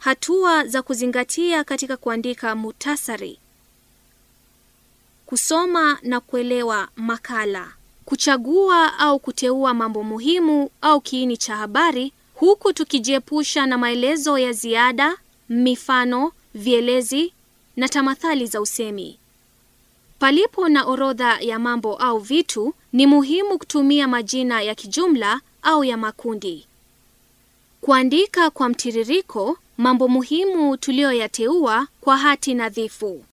Hatua za kuzingatia katika kuandika muhtasari: kusoma na kuelewa makala, kuchagua au kuteua mambo muhimu au kiini cha habari, huku tukijiepusha na maelezo ya ziada, mifano, vielezi na tamathali za usemi. Palipo na orodha ya mambo au vitu, ni muhimu kutumia majina ya kijumla au ya makundi. Kuandika kwa mtiririko mambo muhimu tuliyoyateua kwa hati nadhifu.